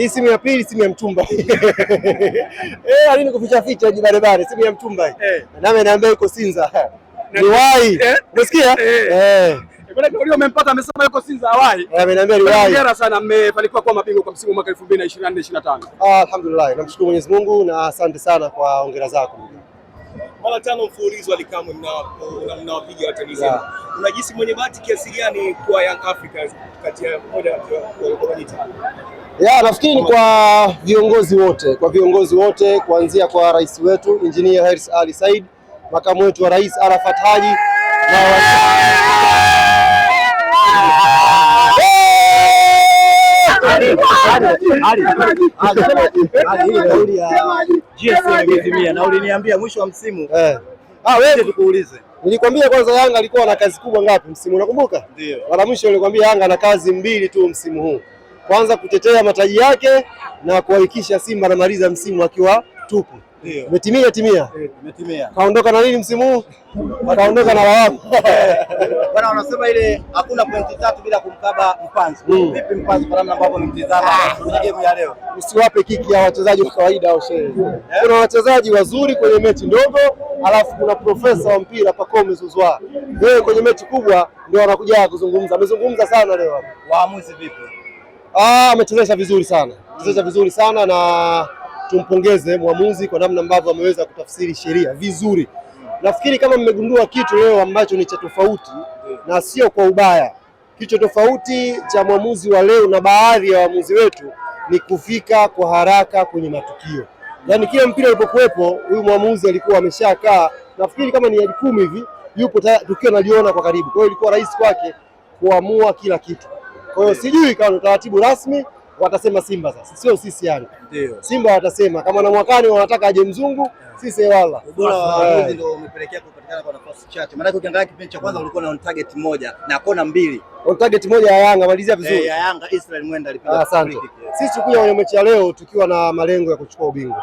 Hii simu ya pili, simu ya mtumba eh, alini kuficha ficha hii barabara, simu ya mtumba hii hey. Nami naambia yuko Sinza ni wai eh? Unasikia eh umempata amesema yuko Sinza Eh, Ameniambia ni wai. Hongera sana mmefanikiwa kuwa mabingwa kwa msimu mwaka 2024 25. Ah, alhamdulillah. Namshukuru Mwenyezi Mungu na asante sana kwa hongera zako. Mara tano mfululizo alikamwe mnawapiga watani zenu. Unajisi mwenye bahati kiasi gani kwa Young Africans kati ya moja wa ya, nafikiri kwa viongozi wote kwa viongozi wote kuanzia kwa rais wetu Engineer Harris Ali Said, makamu wetu wa rais Arafat Haji na wa eh. ah, Nilikwambia kwanza Yanga alikuwa na kazi kubwa ngapi msimu unakumbuka? Ndio. Mara mwisho nilikwambia Yanga na kazi mbili tu msimu huu kwanza kutetea mataji yake na kuhakikisha Simba anamaliza msimu akiwa tupu. Imetimia timia, eh, kaondoka na nini msimu huu? Kaondoka na lawama bana. Wanasema ile hakuna pointi tatu bila kumkaba mpanzi. Mm. Vipi mpanzi, kwa namna ambavyo mtizama ah. game ya leo? Usiwape kiki ya wachezaji wa kawaida au shehe. Eh? Kuna wachezaji wazuri kwenye mechi ndogo, alafu kuna profesa wa mpira Pacome Zouzoua, yeye kwenye mechi kubwa ndio anakuja kuzungumza. Amezungumza sana leo. Waamuzi vipi? Ah, amechezesha vizuri sana, amechezesha vizuri sana na tumpongeze mwamuzi kwa namna ambavyo ameweza kutafsiri sheria vizuri. Nafikiri kama mmegundua kitu leo ambacho ni cha tofauti na sio kwa ubaya, kicho tofauti cha mwamuzi wa leo na baadhi ya waamuzi wetu ni kufika kwa haraka kwenye matukio, yaani kila mpira ulipokuwepo huyu mwamuzi alikuwa ameshakaa, nafikiri kama ni kumi hivi, yupo tukio analiona kwa karibu, kwa hiyo ilikuwa rahisi kwake kuamua kila kitu. Kwa hiyo sijui kama utaratibu rasmi watasema Simba sasa, sio sisi yani. Ndio. Simba watasema kama na mwakani wanataka aje mzungu yeah. Sisi wala. Ubora wa waamuzi eh. ndio umepelekea kupatikana kwa nafasi chache. Maana ukiangalia kipindi cha kwanza ulikuwa na on target moja na kona mbili. On target moja ya Yanga malizia eh, vizuri. Eh, ya Yanga Israel Mwenda alipiga free kick. Sisi kuja kwenye mechi ya leo tukiwa na malengo ya kuchukua ubingwa.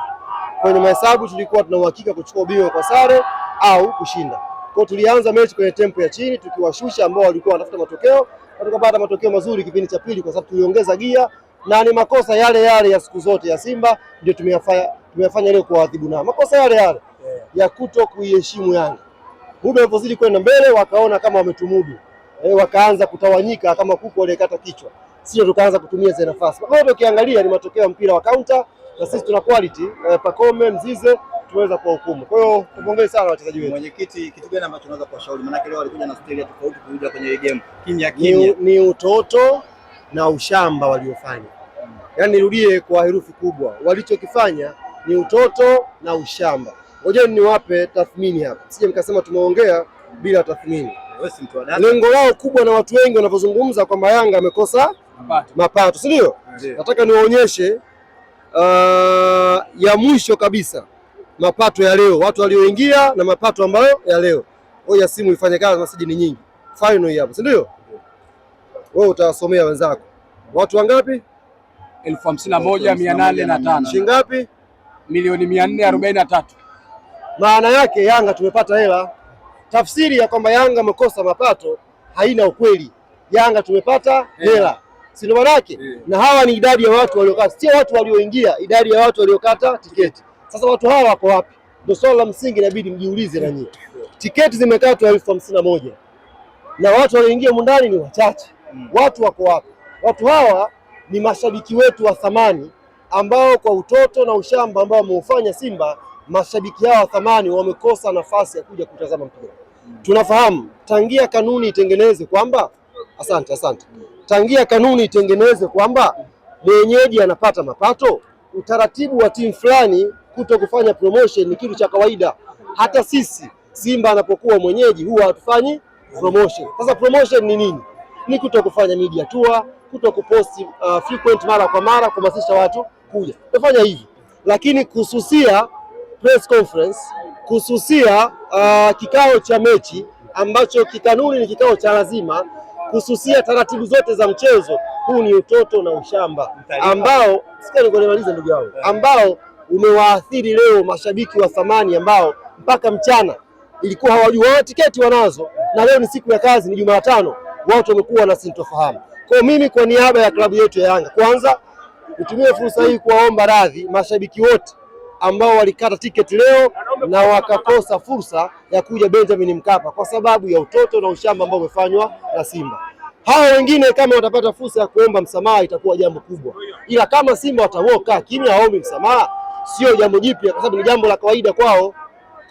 Kwenye mahesabu tulikuwa tuna uhakika kuchukua ubingwa kwa sare au kushinda. Kwa tulianza mechi kwenye tempo ya chini tukiwashusha ambao walikuwa wanatafuta matokeo na matokeo mazuri kipindi cha pili, kwa sababu tuliongeza gia na ni makosa yale yale ya siku zote ya Simba ndio tumeyafanya, tumeyafanya leo kuadhibu, na makosa yale yale yeah, ya kuto kuiheshimu Yanga. Muda ulipozidi kwenda mbele, wakaona kama wametumudu e, wakaanza kutawanyika kama kuku aliyekata kichwa, sio, tukaanza kutumia zile nafasi. Ukiangalia ni matokeo ya mpira wa kaunta, na sisi tuna quality e, eh, Pakome Mzize tumeweza kuwahukumu. Kwa hiyo tupongeze sana wachezaji wetu. Mwenyekiti, kitu gani ambacho unaweza kuwashauri? Maana leo walikuja na staili tofauti kuja kwenye game. Kimya kimya. Ni utoto na ushamba waliofanya. Yaani nirudie kwa herufi kubwa, walichokifanya ni utoto na ushamba. Ngoja niwape tathmini hapa, sije mkasema tumeongea bila tathmini. Lengo lao kubwa na watu wengi wanavyozungumza kwamba Yanga amekosa mapato, mapato si ndio? Nataka niwaonyeshe uh, ya mwisho kabisa mapato ya leo, watu walioingia na mapato ambayo ya leo. Hoja simu ifanye kazi na sijini nyingi. Final hapo, si ndio? Wewe utawasomea wenzako. Watu wangapi? elfu hamsini na moja mia nane na tano. Shilingi ngapi? Milioni mia nne arobaini na tatu. Maana yake Yanga tumepata hela. Tafsiri ya kwamba Yanga amekosa mapato haina ukweli. Yanga tumepata hela, si ndio? Maana yake eh. na hawa ni idadi ya watu waliokata, sio watu walioingia, idadi ya watu waliokata tiketi. Sasa watu hawa wako wapi? Ndio swali la msingi inabidi mjiulize na Tiketi zimekatwa elfu hamsini na moja na watu walioingia mundani ndani ni wachache. Watu wako wapi? Watu hawa ni mashabiki wetu wa thamani ambao kwa utoto na ushamba ambao wameufanya Simba, mashabiki hawa wa thamani wamekosa nafasi ya kuja kutazama mpira. Tunafahamu tangia kanuni itengeneze kwamba asante, asante, tangia kanuni itengeneze kwamba mwenyeji anapata mapato, utaratibu wa timu fulani kuto kufanya promotion ni kitu cha kawaida. Hata sisi Simba anapokuwa mwenyeji huwa hatufanyi promotion. Sasa promotion ni nini? Ni kuto kufanya media tour, kuto kuposti uh, frequent mara kwa mara kuhamasisha watu kuja. Tufanya hivi, lakini kususia press conference, kususia uh, kikao cha mechi ambacho kikanuni ni kikao cha lazima, kususia taratibu zote za mchezo huu ni utoto na ushamba ambao, sikia, niko ndugu yangu, eh. ambao umewaathiri leo mashabiki wa thamani ambao mpaka mchana ilikuwa hawajua wao, tiketi wanazo, na leo ni siku ya kazi, ni Jumatano, watu wamekuwa na sintofahamu. Kwa mimi kwa niaba ya klabu yetu ya Yanga, kwanza nitumie fursa hii kuwaomba radhi mashabiki wote ambao walikata tiketi leo na wakakosa fursa ya kuja Benjamin Mkapa kwa sababu ya utoto na ushamba ambao umefanywa na Simba. Hawa wengine kama watapata fursa ya kuomba msamaha itakuwa jambo kubwa, ila kama Simba watawoka kimya, waombi msamaha sio jambo jipya, kwa sababu ni jambo la kawaida kwao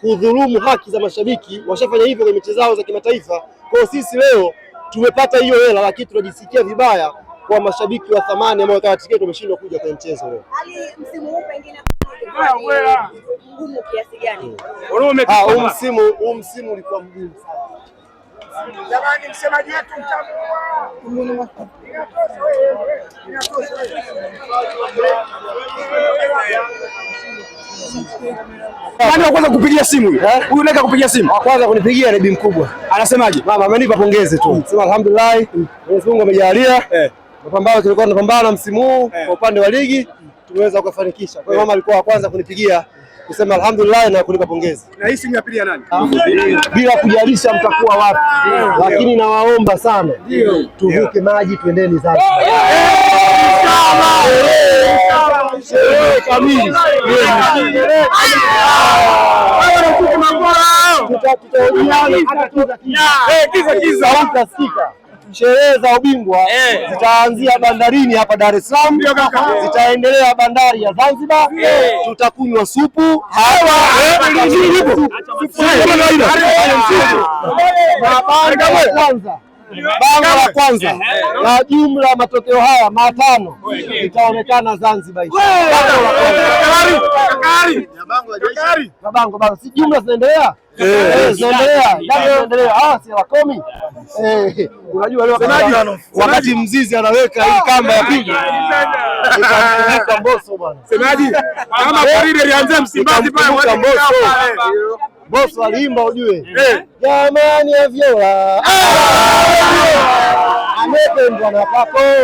kudhulumu haki za mashabiki. Washafanya hivyo kwenye mechi zao za kimataifa. Kwa hiyo sisi leo tumepata hiyo hela, lakini tunajisikia vibaya kwa mashabiki wa thamani ambao wakati tiketi wameshindwa kuja kwenye mchezo leo. Ah, ah, huu msimu ulikuwa mgumu sana Jamani, msemaji wetu nani kwanza kupigia simu huyu? Eh? Huyu kupigia simu. Kwanza kunipigia ni bi mkubwa. Anasemaje? Mama amenipa pongezi tu. Mm. Sema alhamdulillah. Mm. Mwenyezi Mungu amejalia. Eh. Mapambano tulikuwa tunapambana msimu huu eh. kwa upande wa ligi tumeweza kufanikisha. Kwa hiyo mama alikuwa wa kwanza kunipigia kusema alhamdulillah na kulipa pongezi. Na hii ya pili ya nani? Bila kujalisha mtakuwa wapi, lakini nawaomba sana tuvuke maji twendeni Zanzibar. Oh, Tutahojiana hata kiza kiza sherehe za ubingwa yeah, zitaanzia bandarini hapa Dar es Salaam, zitaendelea bandari ya Zanzibar yeah. Tutakunywa supu hapa kwanza bango la kwanza la eh. jumla matokeo haya matano itaonekana Zanzibar. Bango bango, si jumla zinaendelea eh. Eh, yaani ah, wakomi unajua, wakati mzizi anaweka hii kamba ya pigo ah. Mbosso bwana, semaji kama lianze Msimbazi pale Boss waliimba ujue, eh. jamani ya vyola ah! ah! amependwa na Pacome,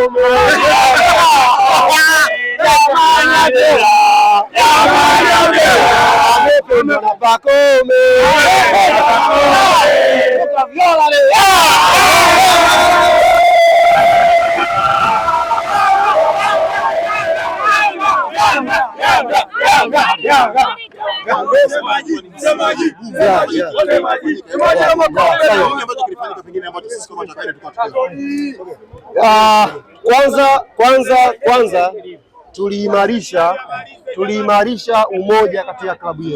amependwa na Pacome kwanza kwanza kwanza tuliimarisha tuliimarisha umoja katika klabu yetu.